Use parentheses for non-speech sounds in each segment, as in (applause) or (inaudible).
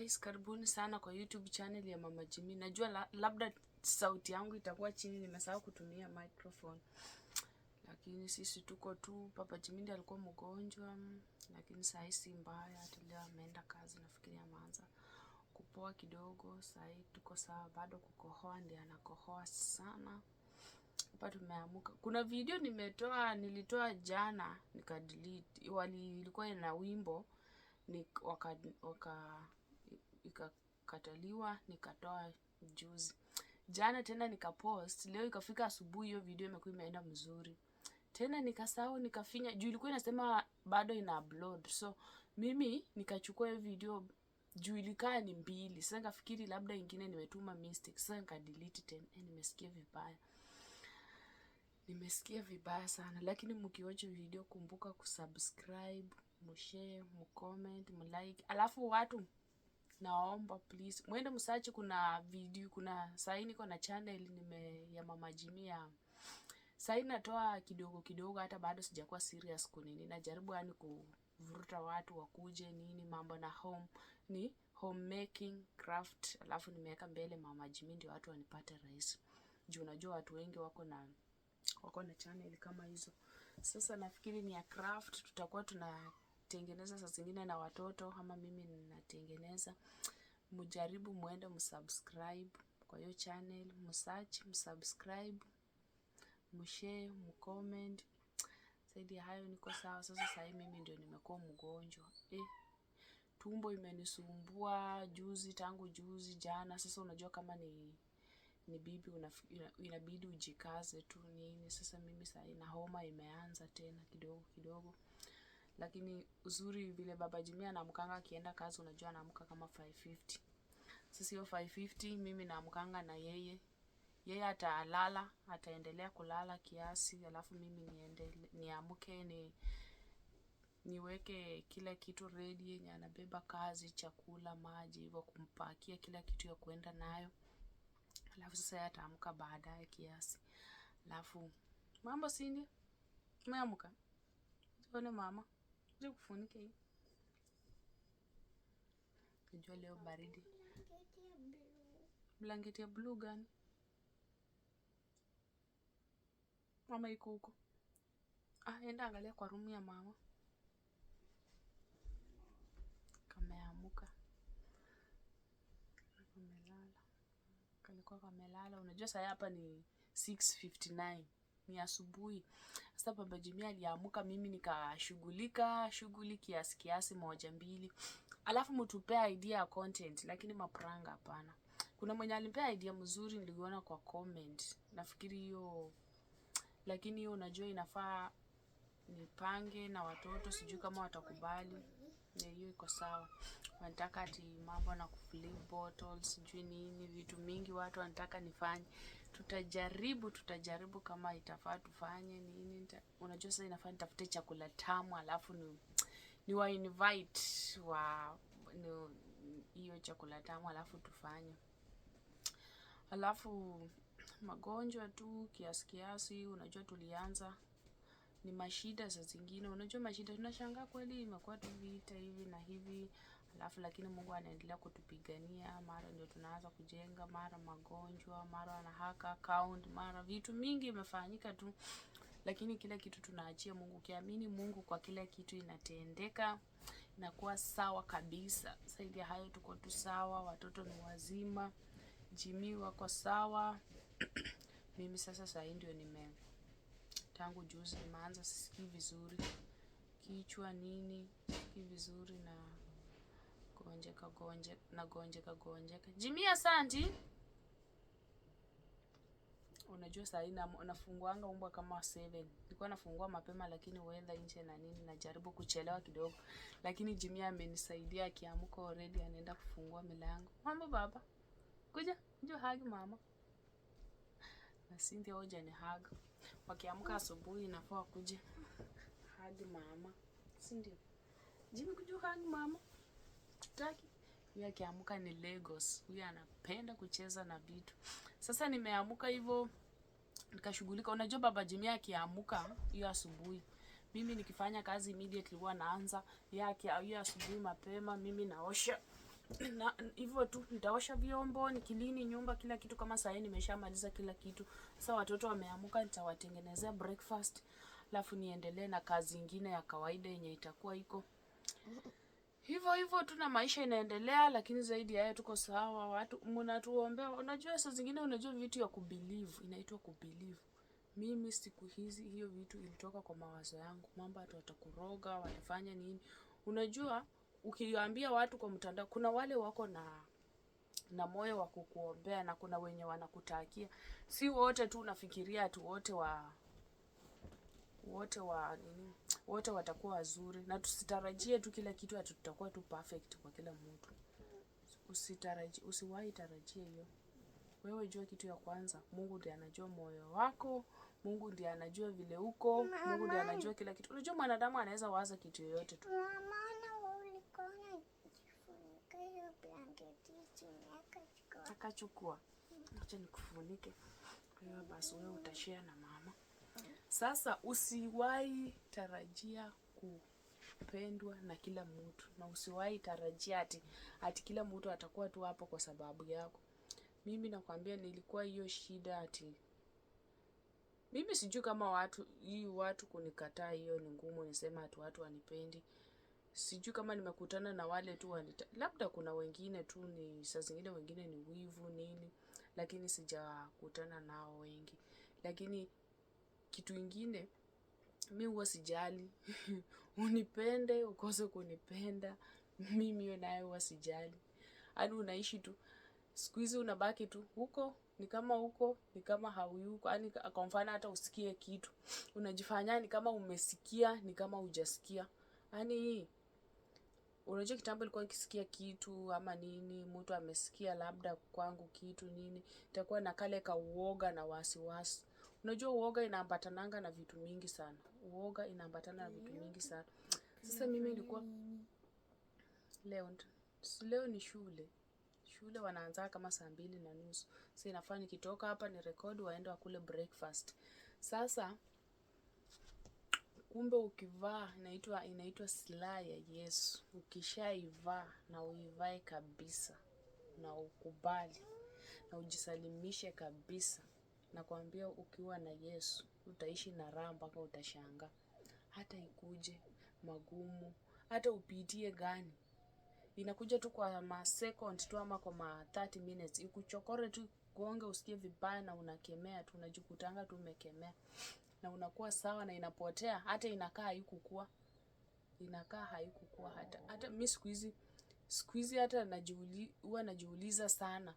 guys, karibuni sana kwa YouTube channel ya Mama Jimmy. Najua la, labda sauti yangu itakuwa chini, nimesahau kutumia microphone, lakini sisi tuko tu. Papa Jimmy ndiye alikuwa mgonjwa, lakini saa hii si mbaya, hata leo ameenda kazi, nafikiri ameanza kupoa kidogo. Saa hii tuko sawa, bado kukohoa, ndiye anakohoa sana. Hapa tumeamuka. Kuna video nimetoa, nilitoa jana nika delete, wali ilikuwa ina wimbo ni waka, waka ikakataliwa, nikatoa juzi. Jana tena nikapost, leo ikafika asubuhi, hiyo video imekuwa imeenda mzuri. Tena nikasahau nikafinya, juu ilikuwa inasema bado ina upload. So mimi nikachukua hiyo video juu ilikaa ni mbili, sasa nikafikiri labda ingine nimetuma mistake, sasa nikadelete tena. Eh, nimesikia vibaya, nimesikia vibaya sana. Lakini mkiwacha video, kumbuka kusubscribe, mshare, mcomment, mlike, alafu watu naomba please mwende msachi, kuna video, kuna saini, niko na channel nime ya Mama Jimia saini natoa kidogo kidogo, hata bado sijakuwa serious kunini, najaribu yani kuvuruta watu wakuje nini mambo na home ni homemaking craft, alafu nimeweka mbele Mama Jimia ndio watu wanipate rahisi, juu unajua watu wengi wako na wako na channel kama hizo. Sasa nafikiri ni ya craft, tutakuwa tuna natengeneza saa zingine na watoto ama mimi natengeneza, Mujaribu muende msubscribe kwa hiyo channel, msearch, msubscribe, mshare, mcomment. Zaidi ya hayo niko sawa. Sasa sahii mimi ndio nimekuwa mgonjwa eh, tumbo imenisumbua juzi, tangu juzi jana. Sasa unajua kama ni ni bibi inabidi ujikaze tu nini. Sasa mimi sahii na homa imeanza tena kidogo kidogo. Lakini uzuri vile baba Jimmy anaamkanga akienda kazi, unajua anaamka kama 5:50. Sisi hiyo 5:50 mimi naamkanga na yeye. Yeye atalala, ataendelea kulala kiasi, alafu mimi niende niamke ni niweke kila kitu ready yenye anabeba kazi, chakula, maji, hivyo kumpakia kila kitu ya kuenda nayo. Alafu sasa yeye ataamka baadaye kiasi. Alafu mambo sindi, umeamka? Tuone mama. Je, kufunike leo baridi. Blanketi ya bluu gani? Mama iko huko. Ah, enda angalia kwa rumu ya mama kameamuka kamelala, kalikuwa kamelala. Unajua saa hapa ni 6:59 ni asubuhi. Sasa Baba Jimmy aliamka, mimi nikashughulika shughuli kiasi kiasi moja mbili, alafu mtupea idea ya content, lakini mapranga hapana. Kuna mwenye alimpea idea mzuri niliona kwa comment, nafikiri hiyo, lakini hiyo unajua inafaa nipange na watoto, sijui kama watakubali hiyo iko sawa. Wanataka ati mambo na kuflip bottles sijui nini, vitu mingi watu wanataka nifanye. Tutajaribu, tutajaribu kama itafaa tufanye nini. Unajua sasa inafaa nitafute chakula tamu alafu ni, ni wa invite wa hiyo chakula tamu alafu tufanye, alafu magonjwa tu kiasi kiasi, unajua tulianza ni mashida za zingine, unajua mashida, tunashangaa kweli, imekuwa tu vita hivi na hivi, alafu lakini Mungu anaendelea kutupigania, mara ndio tunaanza kujenga, mara magonjwa, mara anahaka account, mara vitu mingi imefanyika tu, lakini kila kitu tunaachia Mungu. Ukiamini Mungu kwa kila kitu inatendeka, inakuwa sawa kabisa. Zaidi ya hayo, tuko tu sawa, watoto ni wazima, Jimmy wako sawa. (clears throat) Mimi sasa saa hii ndio nime tangu juzi nimeanza sisikii vizuri kichwa nini, sisikii vizuri na gonjeka gonje na gonjeka gonjeka. Jimmy, asanti. Unajua saa hii nafunguanga umbwa kama 7. Nilikuwa nafungua mapema lakini weather nje na nini najaribu kuchelewa kidogo. Lakini Jimmy amenisaidia akiamka already anaenda kufungua milango. Mambo baba. Kuja, njoo hagi mama. Na Cynthia hoja ni hug wakiamka asubuhi inafaa wakuje hadi mama, si ndio? Jimmy kujua hadi mama tutaki huyu akiamka ni Lagos, huyu anapenda kucheza na vitu. Sasa nimeamka hivyo nikashughulika. Unajua baba Jimmy akiamka hiyo asubuhi, mimi nikifanya kazi immediately huwa naanza yake. Hiyo asubuhi mapema mimi naosha na hivyo tu nitaosha vyombo, nikilini nyumba, kila kitu. Kama saa hii nimeshamaliza kila kitu, sasa watoto wameamka, nitawatengenezea breakfast, alafu niendelee na kazi ingine ya kawaida yenye itakuwa iko hivyo hivyo tu, na maisha inaendelea. Lakini zaidi ya hayo, tuko sawa, watu mnatuombea. Unajua, saa zingine, unajua vitu ya kubelieve, inaitwa kubelieve. Mimi siku hizi hiyo vitu ilitoka kwa mawazo yangu, mambo watu watakuroga, watafanya nini, unajua ukiambia watu kwa mtandao, kuna wale wako na na moyo wa kukuombea na kuna wenye wanakutakia. Si wote tu unafikiria tu wote wa wote wa nini, wote watakuwa wazuri, na tusitarajie tu kila kitu ati tutakuwa tu perfect kwa kila mtu. Usitarajie, usiwahi tarajie hiyo. Wewe jua kitu ya kwanza, Mungu ndiye anajua moyo wako, Mungu ndiye anajua vile uko, Mungu ndiye anajua kila kitu. Unajua mwanadamu anaweza waza kitu yoyote tu. Mama. utakachokuwa. acha nikufunike. Kwa hiyo basi wewe utashare na mama. Sasa usiwahi tarajia kupendwa na kila mtu, na usiwahi tarajia ati ati kila mtu atakuwa tu hapo kwa sababu yako. Mimi nakwambia nilikuwa hiyo shida ati mimi sijui kama watu hii watu kunikataa, hiyo ni ngumu. Nisema ati watu wanipendi sijui kama nimekutana na wale tu walita, labda kuna wengine tu ni saa zingine wengine ni wivu nini, lakini sijakutana nao wengi. Lakini kitu ingine mi huwa sijali (laughs) unipende ukose kunipenda mimi naye huwa sijali, hadi yaani unaishi tu siku hizi unabaki tu huko ni kama huko ni kama hauyuko. Yani kwa mfano hata usikie kitu unajifanya ni kama umesikia ni kama hujasikia yani Unajua kitambo ilikuwa nikisikia kitu ama nini, mtu amesikia labda kwangu kitu nini, itakuwa na kale ka uoga na wasiwasi. Unajua uoga inaambatananga na vitu mingi sana, uoga inaambatana na vitu mingi sana. Sasa mimi nilikuwa leo, leo ni shule shule wanaanza kama saa mbili na nusu. Sasa inafaa nikitoka hapa ni rekodi waende wakule breakfast. Sasa Kumbe ukivaa inaitwa inaitwa silaha ya Yesu. Ukishaivaa na uivae kabisa na ukubali na ujisalimishe kabisa, nakwambia ukiwa na Yesu utaishi na raha mpaka utashangaa, hata ikuje magumu, hata upitie gani, inakuja tu kwa ma second tu ama kwa ma 30 minutes, ikuchokore tu gonge, usikie vibaya na unakemea tu, unajikutanga tu umekemea na unakuwa sawa na inapotea, hata inakaa haikukua, inakaa haikukua hata hata. Mimi siku hizi siku hizi hata najiuliza, huwa najiuliza sana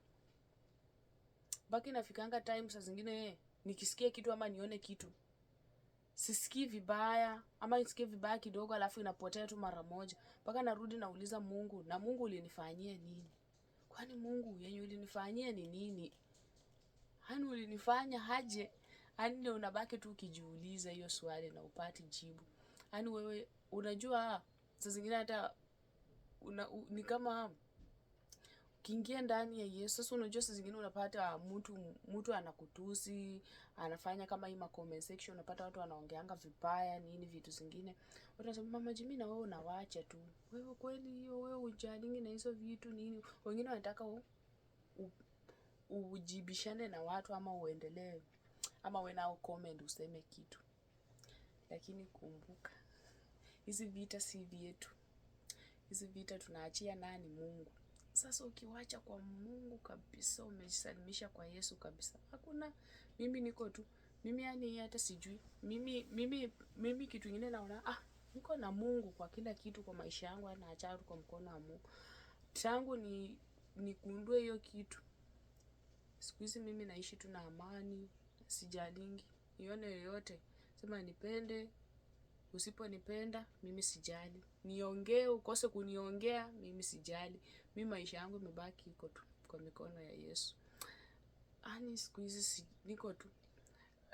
baki nafikanga time saa zingine eh, nikisikia kitu ama nione kitu sisikii vibaya ama nisikie vibaya kidogo, alafu inapotea tu mara moja, mpaka narudi nauliza Mungu, na Mungu ulinifanyia nini? Kwani Mungu yenye ulinifanyia ni nini? Hani ulinifanya haje yani ndio unabaki tu ukijiuliza hiyo swali na upati jibu. Yani wewe unajua saa zingine hata una, u, ni kama ukiingia ndani ya Yesu sasa, unajua saa zingine unapata mtu mtu anakutusi anafanya kama hii comment section, unapata watu wanaongeanga vibaya nini vitu zingine, watu wanasema mama Jimmy, na wewe unawaacha tu wewe, kweli hiyo wewe ujalingi na hizo vitu nini. Wengine wanataka u, u, ujibishane na watu ama uendelee ama we nao comment useme kitu, lakini kumbuka hizi vita si vyetu. Hizi vita tunaachia nani? Mungu. Sasa ukiwacha kwa Mungu kabisa, umesalimisha kwa Yesu kabisa, hakuna mimi niko tu mimi, yani hata sijui mimi, mimi, mimi kitu kingine naona ah, niko na Mungu kwa kila kitu, kwa maisha yangu acha kwa mkono wa Mungu. Tangu ni nikundue hiyo kitu, siku hizi mimi naishi tu na amani sijalingi nione yoyote, sema nipende, usiponipenda mimi sijali, niongee ukose kuniongea mimi sijali, mimi maisha yangu imebaki iko tu kwa mikono ya Yesu. Ani siku hizi si, niko tu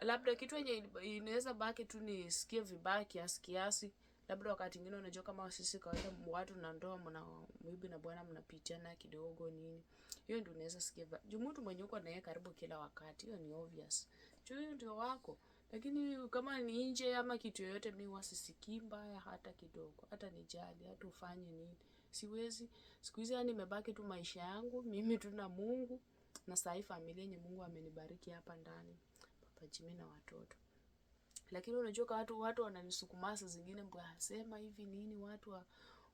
labda kitu yenye inaweza baki tu nisikie vibaya kiasi kiasi, labda wakati mwingine unajua, kama sisi kawaida watu na ndoa mna mwibi na bwana mnapitiana kidogo nini, hiyo ndio unaweza sikia mtu mwenye uko naye karibu kila wakati, hiyo ni obvious huyu ndio wako, lakini kama ni nje ama kitu yoyote, mimi wasisikii mbaya hata kidogo, hata nijali, hata ufanye nini, siwezi siku hizi. Yani nimebaki tu maisha yangu mimi tu na Mungu na sahi familia yenye Mungu amenibariki hapa ndani, Papa Jimmy na watoto lakini unajua kwa watu watu wananisukumasa zingine, mbwa sema hivi nini, watu wa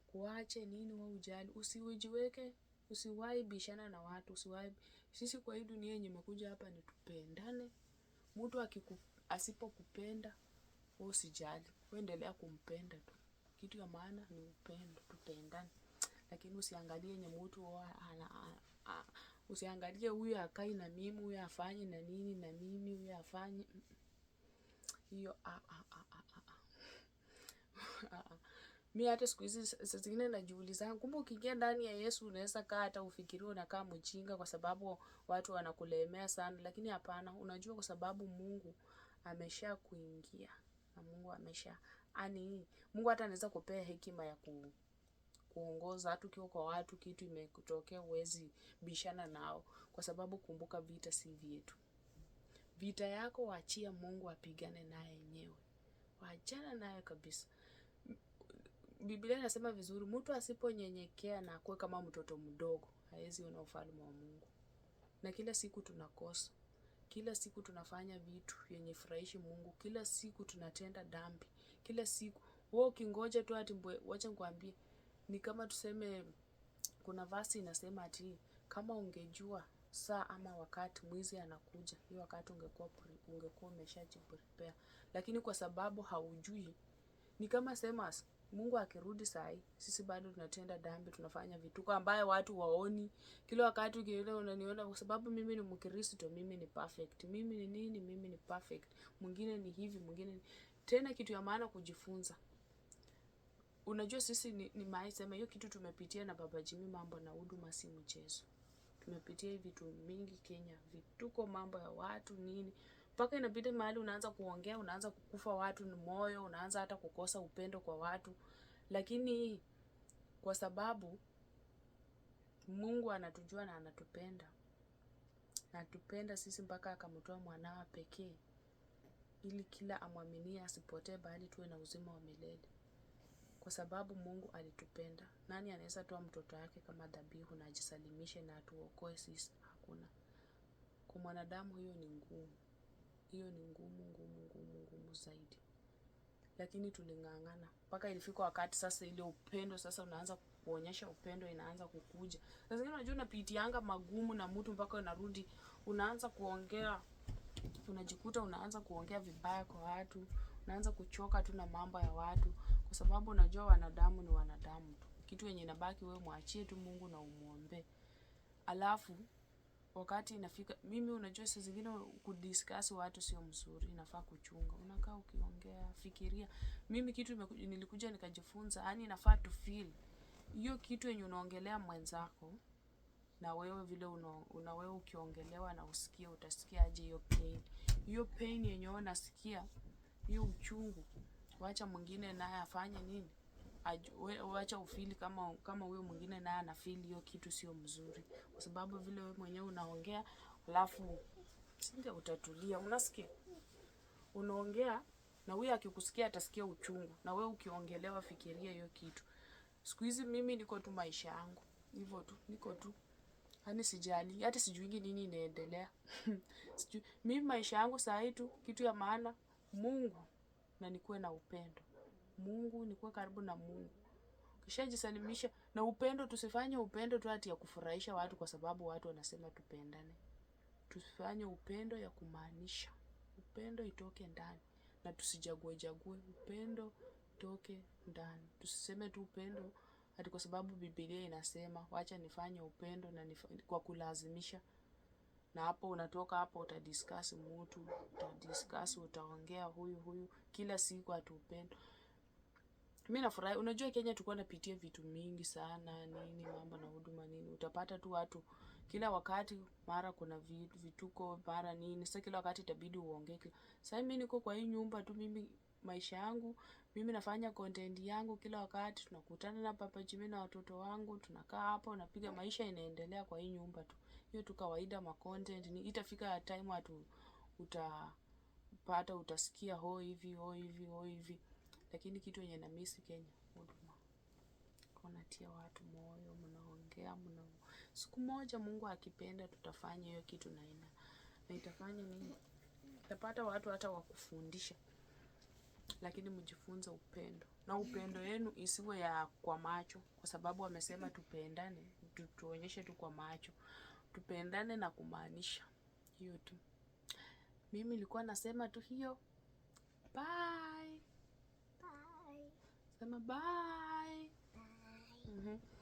kuache nini, wa ujali, usiujiweke, usiwahi bishana na watu, usiwahi. Sisi kwa hii dunia yenye imekuja hapa ni tupendane. Mtu asipokupenda wewe usijali, wewe endelea kumpenda tu. Kitu ya maana ni upendo, tupendane. Lakini usiangalie nye mtu usiangalie huyu akai na mimi, huyu afanye na nini na mimi, huyu afanye hiyo. (laughs) mi hata siku hizi saa zingine najiuliza, kumbe ukiingia ndani ya Yesu unaweza kaa hata ufikirie unakaa mjinga kwa sababu watu wanakulemea sana, lakini hapana. Unajua, kwa sababu Mungu amesha kuingia na Mungu amesha ani, Mungu hata anaweza kupea hekima ya ku, kuongoza hata ukiwa kwa watu, kitu imekutokea uwezi bishana nao, kwa sababu kumbuka, vita si vyetu. Vita yako waachia Mungu apigane naye yenyewe, waachana naye kabisa. Biblia inasema vizuri, mtu asiponyenyekea na akuwe kama mtoto mdogo hawezi ona ufalme wa Mungu. Na kila siku tunakosa, kila siku tunafanya vitu vyenye furahishi Mungu, kila siku tunatenda dhambi, kila siku wewe ukingoja tu ati mbwe, wacha nikwambie, ni kama tuseme, kuna vasi inasema ati kama ungejua saa ama wakati mwizi anakuja, hiyo wakati ungekuwa ungekuwa umeshajiprepare, lakini kwa sababu haujui, ni kama sema Mungu akirudi sai, sisi bado tunatenda dhambi, tunafanya vituko ambayo watu waoni. Kila wakati ukiona unaniona kwa sababu mimi ni Mkristo, mimi ni perfect. Mimi ni nini? Mimi ni perfect. Mwingine ni hivi, mwingine ni... Tena kitu ya maana kujifunza. Unajua sisi ni, ni maisema hiyo kitu tumepitia na Baba Jimmy, mambo na huduma si mchezo. Tumepitia vitu mingi Kenya, vituko, mambo ya watu nini mpaka inabidi mahali unaanza kuongea, unaanza kukufa watu ni moyo, unaanza hata kukosa upendo kwa watu, lakini kwa sababu Mungu anatujua na anatupenda, anatupenda sisi mpaka akamtoa mwanawa pekee ili kila amwaminie asipotee, bali tuwe na uzima wa milele, kwa sababu Mungu alitupenda. Nani anaweza toa mtoto wake kama dhabihu na ajisalimishe na atuokoe sisi? Hakuna. Kwa mwanadamu hiyo ni ngumu hiyo ni ngumu ngumu ngumu ngumu zaidi, lakini tuling'ang'ana mpaka ilifika wakati sasa, ile upendo sasa unaanza kuonyesha upendo, inaanza kukuja. Sasa zingine unajua unapitianga magumu na mtu mpaka unarudi unaanza kuongea, unajikuta unaanza kuongea vibaya kwa watu, unaanza kuchoka tu na mambo ya watu, kwa sababu unajua wanadamu ni wanadamu tu. Kitu yenye inabaki wewe mwachie tu Mungu na umuombe alafu wakati inafika, mimi unajua, saa zingine kudiscuss watu sio mzuri, inafaa kuchunga, unakaa ukiongea, fikiria. Mimi kitu nilikuja nikajifunza, yani inafaa tu feel hiyo kitu yenye unaongelea mwenzako na wewe vile una, una wewe ukiongelewa na usikie, utasikia aje hiyo pain, hiyo pain yenye unasikia, hiyo uchungu, wacha mwingine naye afanye nini, wacha ufili kama kama huyo mwingine naye anafili hiyo kitu sio mzuri, kwa sababu vile wewe mwenyewe unaongea, alafu sinde utatulia, unasikia unaongea na huyo akikusikia atasikia uchungu, na wewe ukiongelewa, fikiria hiyo kitu. Siku hizi mimi niko tu maisha yangu hivyo tu, niko tu yani, sijali hata sijui nini inaendelea (laughs) sijui mimi maisha yangu saa hii tu, kitu ya maana Mungu na nikuwe na upendo. Mungu ni kuwa karibu na Mungu. Kishajisalimisha na upendo, tusifanye upendo tu ati ya kufurahisha watu kwa sababu watu wanasema tupendane. Tusifanye upendo ya kumaanisha. Upendo itoke ndani na tusijague jague. Upendo itoke ndani. Tusiseme tu upendo ati kwa sababu Biblia inasema wacha nifanye upendo na nif kwa kulazimisha. Na hapo unatoka hapo, utadiscuss mtu utadiscuss, utaongea huyu huyu, kila siku ati mi nafurahi. Unajua Kenya tulikuwa napitia vitu mingi sana, nini mambo na huduma nini, utapata tu watu kila wakati, mara kuna vitu vituko, mara nini, sasa kila wakati itabidi uongeke. Sasa mimi niko kwa hii nyumba tu, mimi maisha yangu mimi nafanya content yangu kila wakati, tunakutana na Papa Jimmy na watoto wangu, tunakaa hapo, napiga maisha inaendelea kwa hii nyumba tu, hiyo tu kawaida. Ma content ni itafika time watu utapata, utasikia ho hivi ho hivi ho hivi lakini kitu yenye na miss Kenya huduma. Unatia watu moyo, mnaongea mna, siku moja Mungu akipenda tutafanya hiyo kitu na ina na itafanya nini, tapata watu hata wakufundisha, lakini mjifunze upendo na upendo yenu isiwe ya kwa macho, kwa sababu amesema tupendane, tuonyeshe tu kwa macho, tupendane na kumaanisha hiyo tu. Mimi nilikuwa nasema tu hiyo, bye. Bye. Bye. Mm-hmm.